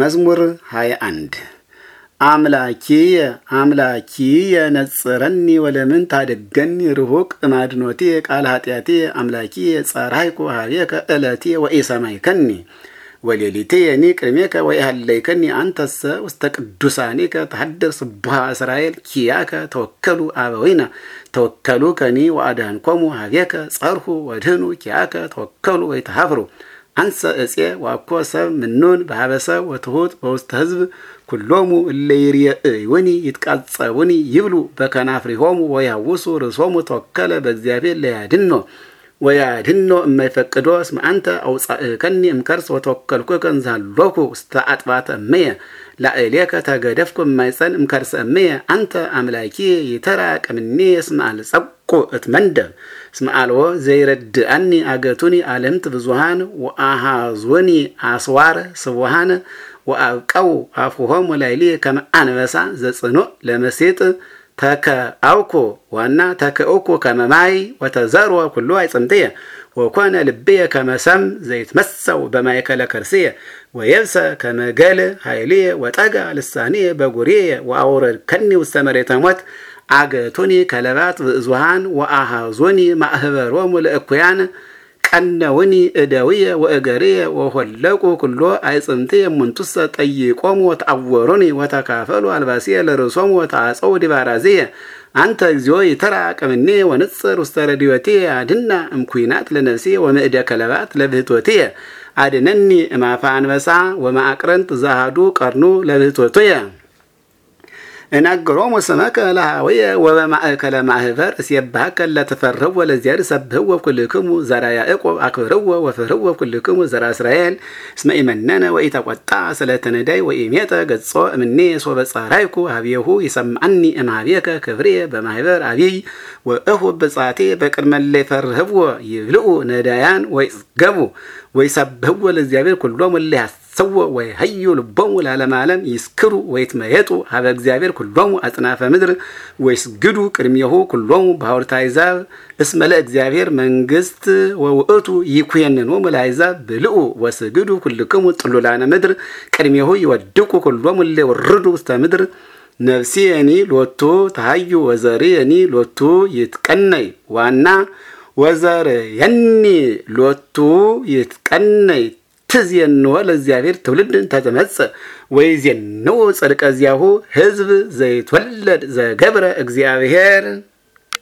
መዝሙር 21 አምላኪየ አምላኪየ ነጽረኒ ወለምን ታደገኒ ርሁቅ ማድኖቴ ቃል ኃጢአቴ አምላኪየ ጸራይኩ ሀቤከ ዕለቴ ወኢሰማይከኒ ወሌሊቴየኒ ቅድሜከ ወኢሃለይከኒ አንተሰ ውስተ ቅዱሳኒከ ተሐድር ስቡሃ እስራኤል ኪያከ ተወከሉ አበዊነ ተወከሉ ከኒ ወአድህንኮሙ ሀቤከ ጸርሁ ወድህኑ ኪያከ ተወከሉ ወይተሃፍሩ አንሰ እፄ ዋኮ ሰብ ምኑን በሀበሰብ ወትሁት በውስተ ህዝብ ኩሎሙ እለ ይሬእዩኒ ይትቃጸቡኒ ይብሉ በከናፍሪሆሙ ወያውሱ ርእሶሙ ተወከለ በእግዚአብሔር ለያድኖ ወያድኖ እማይፈቅዶ እስመ አንተ አውፃእከኒ እምከርስ ወተወከልኩከ እንዘ ሀሎኩ ውስተ አጥባተ እምየ ላእሌከ ተገደፍኩ እማይፀን እምከርስ እምየ አንተ አምላኪ ይተራቅምኒ እስመ አልጸብ ቁ መንደብ እስመ አልዎ ዘይረድአኒ አገቱኒ አለምት ብዙሃን ወአሃዞኒ አስዋር ስቡሃን ወአብቀው አፉሆም ወላይሊ ከመ አንበሳ ዘጽኑዕ ለመሴጥ ተከአውኩ ዋና ተከእኩ ከመ ማይ ወተዘርወ ኩሉ አይጽምጥየ ወኮነ ልብየ ከመሰም ዘይትመሰው በማእከለ ከርስየ ወየብሰ ከመገል ገል ኃይልየ ወጠጋ ልሳንየ በጉርየ ወአውረድከኒ ውስተ መሬተ ሞት አገቶኒ ከለባት ብእዙሃን ወአሃዞኒ ማእህበሮሙ ለእኩያን ቀነውኒ እደውየ ወእገርየ ወሆለቁ ኩሎ አይጽምትየ የምንቱሰ ጠይቆም ወተአወሩኒ ወተካፈሉ አልባስየ ለርእሶም ወታጸው ዲባራዝየ አንተ እግዚኦ ይተራ ቅምኔ ወንጽር ውስተ ረድዮትየ አድና እምኩናት ለነፍሴ ወምእደ ከለባት ለብህቶትየ አድነኒ እማፋ አንበሳ ወማአቅረንት ዛሃዱ ቀርኑ ለብህቶትየ እነግሮሙ ስመከ ለሃወየ ወበማእከለ ማህበር እስየብሃከ ለትፈርህዎ ለእግዚአብሔር ሰብህዎ ኩልክሙ ዘራ ያዕቆብ አክብርዎ ወፍርህዎ ኩልክሙ ዘራ እስራኤል እስመ ኢመነነ ወኢተቆጣ ስለተ ነዳይ ወኢሜጠ ገጾ እምኔ ሶበ ሀብየሁ ይሰምዐኒ እምሃቤከ ክብሬ በማህበር አብይ ወእሁብ ብጻቴ በቅድመ ለይፈርህዎ ይብልዑ ነዳያን ወይጽገቡ ወይሰብህዎ ለእግዚአብሔር ኩሎሙ እለ ሰው ወይ ሀዩ ልቦሙ ላለመ ዓለም ይስክሩ ወይትመየጡ ሀበ እግዚአብሔር ኩሎሙ አጽናፈ ምድር ወይስግዱ ቅድሜሁ ኩሎሙ በሐውልተ አሕዛብ እስመ ለእግዚአብሔር መንግስት ወውእቱ ይኩየንኖሙ ለአሕዛብ ብልኡ ወስግዱ ኩልክሙ ጥሉላነ ምድር ቅድሚሁ ይወድቁ ኩሎሙ እለ ይወርዱ ውስተ ምድር ነፍሲየኒ ሎቱ ተሃዩ የኒ ሎቱ ይትቀነይ ዋና የኒ ሎቱ ይትቀነይ ትዜንወ ለእግዚአብሔር ትውልድ ትውልድን ተተመጽእ ወይዜንው ጽድቀ እዚያሁ ህዝብ ዘይትወለድ ዘገብረ እግዚአብሔር